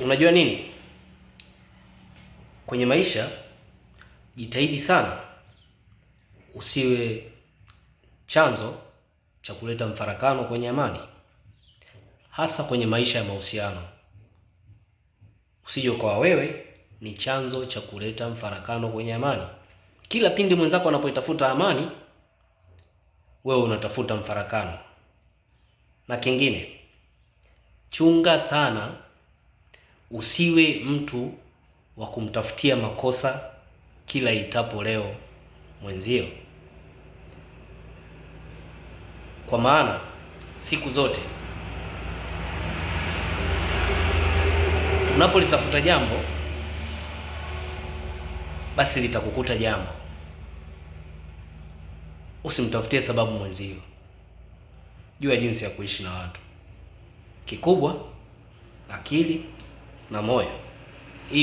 Unajua nini, kwenye maisha jitahidi sana usiwe chanzo cha kuleta mfarakano kwenye amani, hasa kwenye maisha ya mahusiano. Usije ukawa wewe ni chanzo cha kuleta mfarakano kwenye amani. Kila pindi mwenzako anapoitafuta amani, wewe unatafuta mfarakano. Na kingine, chunga sana Usiwe mtu wa kumtafutia makosa kila itapo leo mwenzio, kwa maana siku zote unapolitafuta jambo basi litakukuta jambo. Usimtafutie sababu mwenzio, jua jinsi ya kuishi na watu. Kikubwa akili Namoj i